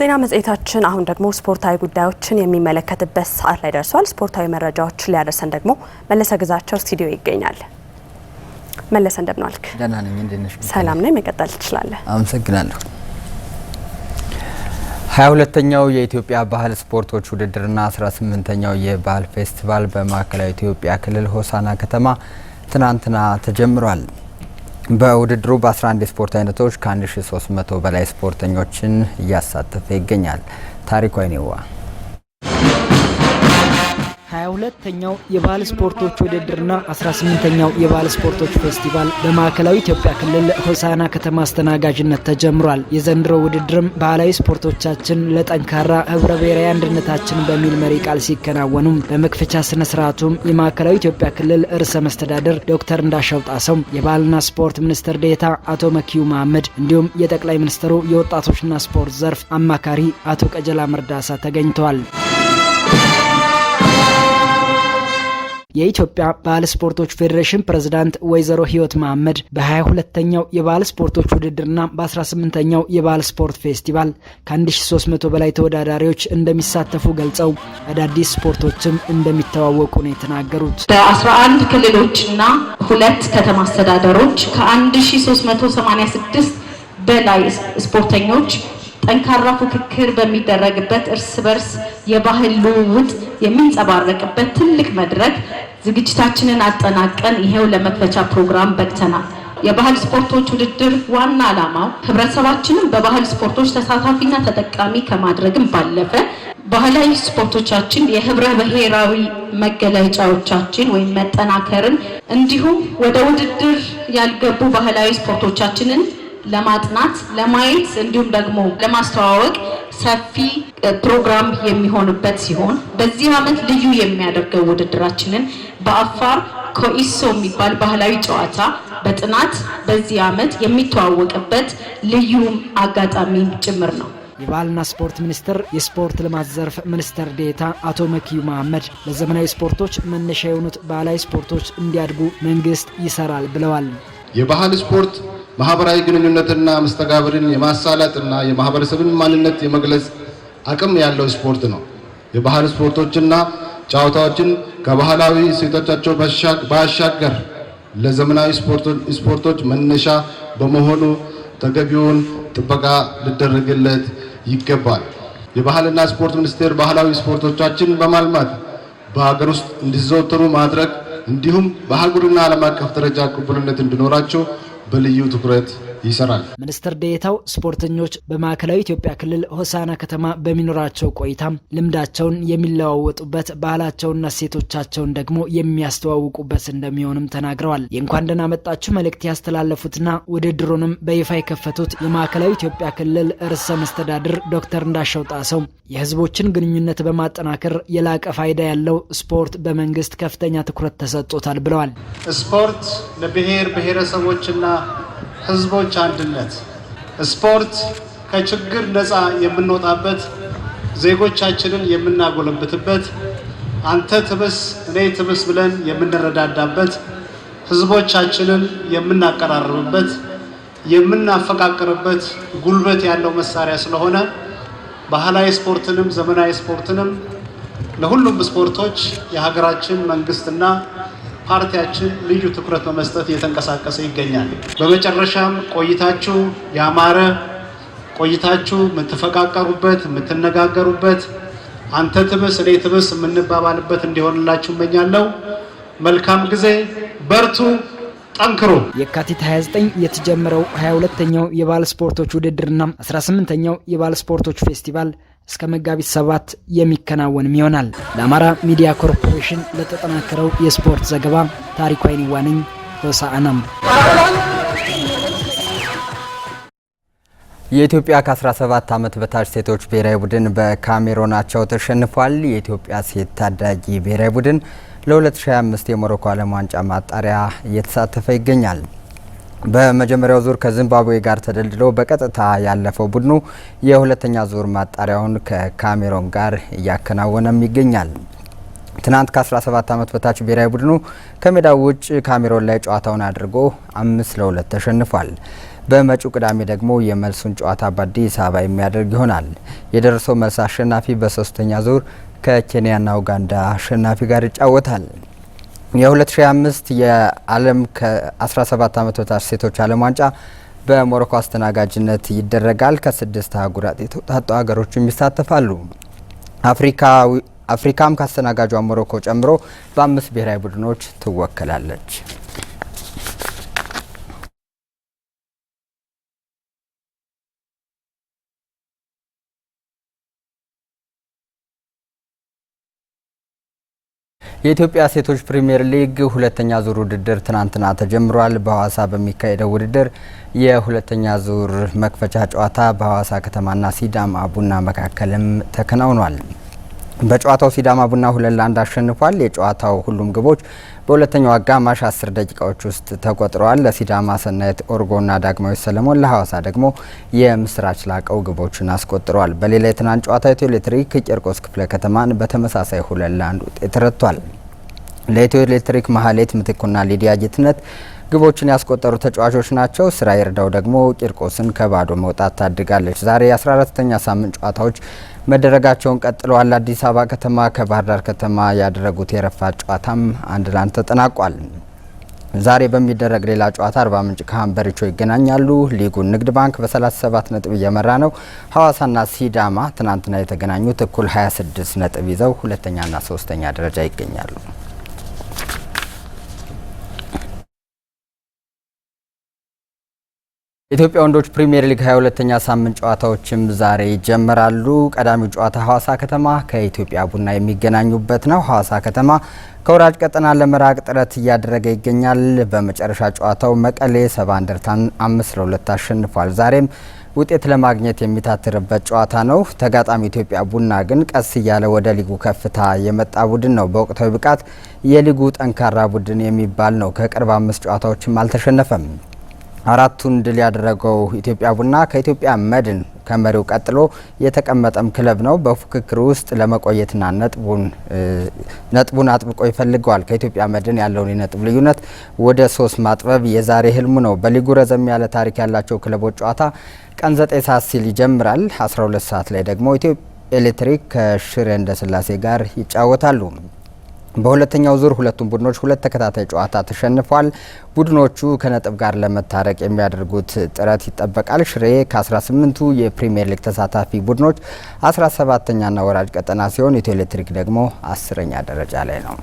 ዜና መጽሔታችን አሁን ደግሞ ስፖርታዊ ጉዳዮችን የሚመለከትበት ሰዓት ላይ ደርሷል። ስፖርታዊ መረጃዎችን ሊያደርሰን ደግሞ መለሰ ግዛቸው ስቱዲዮ ይገኛል። መለሰ እንደምን ደህና ነኝ። እንዴት ነሽ? ሰላም ነኝ። መቀጠል ትችላለህ። አመሰግናለሁ። ሀያ ሁለተኛው የኢትዮጵያ ባህል ስፖርቶች ውድድርና አስራ ስምንተኛው የባህል ፌስቲቫል በማዕከላዊ ኢትዮጵያ ክልል ሆሳና ከተማ ትናንትና ተጀምሯል። በውድድሩ በ11 የስፖርት አይነቶች ከ1300 በላይ ስፖርተኞችን እያሳተፈ ይገኛል። ታሪኩ ይኔዋ 22ኛው የባህል ስፖርቶች ውድድርና 18ኛው የባህል ስፖርቶች ፌስቲቫል በማዕከላዊ ኢትዮጵያ ክልል ሆሳና ከተማ አስተናጋጅነት ተጀምሯል። የዘንድሮ ውድድርም ባህላዊ ስፖርቶቻችን ለጠንካራ ህብረ ብሔራዊ አንድነታችን በሚል መሪ ቃል ሲከናወኑም በመክፈቻ ስነ ስርዓቱም የማዕከላዊ ኢትዮጵያ ክልል ርዕሰ መስተዳደር ዶክተር እንዳሻው ጣሰው፣ የባህልና ስፖርት ሚኒስትር ዴታ አቶ መኪዩ መሐመድ እንዲሁም የጠቅላይ ሚኒስትሩ የወጣቶችና ስፖርት ዘርፍ አማካሪ አቶ ቀጀላ መርዳሳ ተገኝተዋል። የኢትዮጵያ ባህል ስፖርቶች ፌዴሬሽን ፕሬዝዳንት ወይዘሮ ህይወት መሐመድ በ22ኛው የባህል ስፖርቶች ውድድርና በ18ኛው የባህል ስፖርት ፌስቲቫል ከ1300 በላይ ተወዳዳሪዎች እንደሚሳተፉ ገልጸው አዳዲስ ስፖርቶችም እንደሚተዋወቁ ነው የተናገሩት። በ11 ክልሎችና ሁለት ከተማ አስተዳደሮች ከ1386 በላይ ስፖርተኞች ጠንካራ ፉክክር በሚደረግበት እርስ በርስ የባህል ልውውጥ የሚንጸባረቅበት ትልቅ መድረክ ዝግጅታችንን አጠናቀን ይሄው ለመክፈቻ ፕሮግራም በቅተናል። የባህል ስፖርቶች ውድድር ዋና ዓላማው ህብረተሰባችንን በባህል ስፖርቶች ተሳታፊና ተጠቃሚ ከማድረግም ባለፈ ባህላዊ ስፖርቶቻችን የህብረ ብሔራዊ መገለጫዎቻችን ወይም መጠናከርን እንዲሁም ወደ ውድድር ያልገቡ ባህላዊ ስፖርቶቻችንን ለማጥናት ለማየት እንዲሁም ደግሞ ለማስተዋወቅ ሰፊ ፕሮግራም የሚሆንበት ሲሆን በዚህ ዓመት ልዩ የሚያደርገው ውድድራችንን በአፋር ኮኢሶ የሚባል ባህላዊ ጨዋታ በጥናት በዚህ ዓመት የሚተዋወቅበት ልዩ አጋጣሚ ጭምር ነው። የባህልና ስፖርት ሚኒስቴር የስፖርት ልማት ዘርፍ ሚኒስትር ዴኤታ አቶ መኪዩ መሐመድ ለዘመናዊ ስፖርቶች መነሻ የሆኑት ባህላዊ ስፖርቶች እንዲያድጉ መንግስት ይሰራል ብለዋል። የባህል ስፖርት ማህበራዊ ግንኙነትና መስተጋብርን የማሳለጥና የማህበረሰብን ማንነት የመግለጽ አቅም ያለው ስፖርት ነው። የባህል ስፖርቶችና ጨዋታዎችን ከባህላዊ እሴቶቻቸው ባሻገር ለዘመናዊ ስፖርቶች መነሻ በመሆኑ ተገቢውን ጥበቃ ሊደረግለት ይገባል። የባህልና ስፖርት ሚኒስቴር ባህላዊ ስፖርቶቻችን በማልማት በሀገር ውስጥ እንዲዘወተሩ ማድረግ እንዲሁም በአህጉርና ዓለም አቀፍ ደረጃ ቅቡልነት እንዲኖራቸው በልዩ ትኩረት ይሰራል። ሚኒስትር ዴታው ስፖርተኞች በማዕከላዊ ኢትዮጵያ ክልል ሆሳና ከተማ በሚኖራቸው ቆይታም ልምዳቸውን የሚለዋወጡበት፣ ባህላቸውና ሴቶቻቸውን ደግሞ የሚያስተዋውቁበት እንደሚሆንም ተናግረዋል። የእንኳን ደህና መጣችሁ መልእክት ያስተላለፉትና ውድድሩንም በይፋ የከፈቱት የማዕከላዊ ኢትዮጵያ ክልል ርዕሰ መስተዳድር ዶክተር እንዳሻው ጣሰው የህዝቦችን ግንኙነት በማጠናከር የላቀ ፋይዳ ያለው ስፖርት በመንግስት ከፍተኛ ትኩረት ተሰጥቶታል ብለዋል። ስፖርት ለብሔር ብሔረሰቦችና ህዝቦች አንድነት። ስፖርት ከችግር ነፃ የምንወጣበት፣ ዜጎቻችንን የምናጎለብትበት፣ አንተ ትብስ እኔ ትብስ ብለን የምንረዳዳበት፣ ህዝቦቻችንን የምናቀራርብበት፣ የምናፈቃቅርበት ጉልበት ያለው መሳሪያ ስለሆነ ባህላዊ ስፖርትንም ዘመናዊ ስፖርትንም ለሁሉም ስፖርቶች የሀገራችን መንግስትና ፓርቲያችን ልዩ ትኩረት በመስጠት እየተንቀሳቀሰ ይገኛል። በመጨረሻም ቆይታችሁ ያማረ ቆይታችሁ የምትፈቃቀሩበት የምትነጋገሩበት አንተ ትብስ እኔ ትብስ የምንባባልበት እንዲሆንላችሁ እመኛለሁ። መልካም ጊዜ፣ በርቱ፣ ጠንክሩ። የካቲት 29 የተጀመረው 22ኛው የባል ስፖርቶች ውድድርና 18ኛው የባል ስፖርቶች ፌስቲቫል እስከ መጋቢት ሰባት የሚከናወንም ይሆናል። ለአማራ ሚዲያ ኮርፖሬሽን ለተጠናከረው የስፖርት ዘገባ ታሪኩ አይኒዋነኝ ሆሳዕናም የኢትዮጵያ ከ17 ዓመት በታች ሴቶች ብሔራዊ ቡድን በካሜሮናቸው ተሸንፏል። የኢትዮጵያ ሴት ታዳጊ ብሔራዊ ቡድን ለ2025 የሞሮኮ ዓለም ዋንጫ ማጣሪያ እየተሳተፈ ይገኛል። በመጀመሪያው ዙር ከዚምባብዌ ጋር ተደልድሎ በቀጥታ ያለፈው ቡድኑ የሁለተኛ ዙር ማጣሪያውን ከካሜሮን ጋር እያከናወነም ይገኛል። ትናንት ከ17 ዓመት በታች ብሔራዊ ቡድኑ ከሜዳው ውጭ ካሜሮን ላይ ጨዋታውን አድርጎ አምስት ለሁለት ተሸንፏል። በመጪው ቅዳሜ ደግሞ የመልሱን ጨዋታ በአዲስ አበባ የሚያደርግ ይሆናል። የደርሶ መልስ አሸናፊ በሶስተኛ ዙር ከኬንያና ኡጋንዳ አሸናፊ ጋር ይጫወታል። የ2025 የዓለም ከ17 ዓመት በታች ሴቶች ዓለም ዋንጫ በሞሮኮ አስተናጋጅነት ይደረጋል። ከስድስት አህጉራት የተውጣጡ ሀገሮችም ይሳተፋሉ። አፍሪካም ከአስተናጋጇ ሞሮኮ ጨምሮ በአምስት ብሔራዊ ቡድኖች ትወከላለች። የኢትዮጵያ ሴቶች ፕሪምየር ሊግ ሁለተኛ ዙር ውድድር ትናንትና ተጀምሯል። በሐዋሳ በሚካሄደው ውድድር የሁለተኛ ዙር መክፈቻ ጨዋታ በሐዋሳ ከተማና ሲዳማ ቡና መካከልም ተከናውኗል። በጨዋታው ሲዳማ ቡና ሁለት ለአንድ አሸንፏል። የጨዋታው ሁሉም ግቦች በሁለተኛው አጋማሽ አስር ደቂቃዎች ውስጥ ተቆጥረዋል። ለሲዳማ ሰናይት ኦርጎና ዳግማዊ ሰለሞን፣ ለሐዋሳ ደግሞ የምስራች ላቀው ግቦችን አስቆጥረዋል። በሌላ የትናንት ጨዋታ ኢትዮ ኤሌክትሪክ ጨርቆስ ክፍለ ከተማን በተመሳሳይ ሁለት ለአንድ ውጤት ረቷል። ለኢትዮ ኤሌክትሪክ መሀሌት ምትኩና ሊዲያ ጌትነት ግቦችን ያስቆጠሩ ተጫዋቾች ናቸው። ስራ ይርዳው ደግሞ ቂርቆስን ከባዶ መውጣት ታድጋለች። ዛሬ የ14ተኛ ሳምንት ጨዋታዎች መደረጋቸውን ቀጥለዋል። አዲስ አበባ ከተማ ከባህር ዳር ከተማ ያደረጉት የረፋ ጨዋታም አንድ ለአንድ ተጠናቋል። ዛሬ በሚደረግ ሌላ ጨዋታ አርባ ምንጭ ከሀምበሪቾ ይገናኛሉ። ሊጉን ንግድ ባንክ በ37 ነጥብ እየመራ ነው። ሀዋሳና ሲዳማ ትናንትና የተገናኙት እኩል 26 ነጥብ ይዘው ሁለተኛና ሶስተኛ ደረጃ ይገኛሉ። የኢትዮጵያ ወንዶች ፕሪሚየር ሊግ 22ኛ ሳምንት ጨዋታዎችም ዛሬ ይጀመራሉ። ቀዳሚው ጨዋታ ሐዋሳ ከተማ ከኢትዮጵያ ቡና የሚገናኙበት ነው። ሐዋሳ ከተማ ከወራጅ ቀጠና ለመራቅ ጥረት እያደረገ ይገኛል። በመጨረሻ ጨዋታው መቀሌ ሰባ እንደርታን አምስት አሸንፏል። ዛሬም ውጤት ለማግኘት የሚታትርበት ጨዋታ ነው። ተጋጣሚ ኢትዮጵያ ቡና ግን ቀስ እያለ ወደ ሊጉ ከፍታ የመጣ ቡድን ነው። በወቅታዊ ብቃት የሊጉ ጠንካራ ቡድን የሚባል ነው። ከቅርብ አምስት ጨዋታዎችም አልተሸነፈም። አራቱን ድል ያደረገው ኢትዮጵያ ቡና ከኢትዮጵያ መድን ከመሪው ቀጥሎ የተቀመጠም ክለብ ነው። በፉክክር ውስጥ ለመቆየትና ነጥቡን አጥብቆ ይፈልገዋል። ከኢትዮጵያ መድን ያለውን የነጥብ ልዩነት ወደ ሶስት ማጥበብ የዛሬ ህልሙ ነው። በሊጉ ረዘም ያለ ታሪክ ያላቸው ክለቦች ጨዋታ ቀን ዘጠኝ ሰዓት ሲል ይጀምራል። 12 ሰዓት ላይ ደግሞ ኢትዮ ኤሌክትሪክ ከሽሬ እንደ ስላሴ ጋር ይጫወታሉ። በሁለተኛው ዙር ሁለቱም ቡድኖች ሁለት ተከታታይ ጨዋታ ተሸንፏል። ቡድኖቹ ከነጥብ ጋር ለመታረቅ የሚያደርጉት ጥረት ይጠበቃል። ሽሬ ከ18ቱ የፕሪምየር ሊግ ተሳታፊ ቡድኖች 17ተኛና ወራጅ ቀጠና ሲሆን ኢትዮ ኤሌክትሪክ ደግሞ አስረኛ ደረጃ ላይ ነው።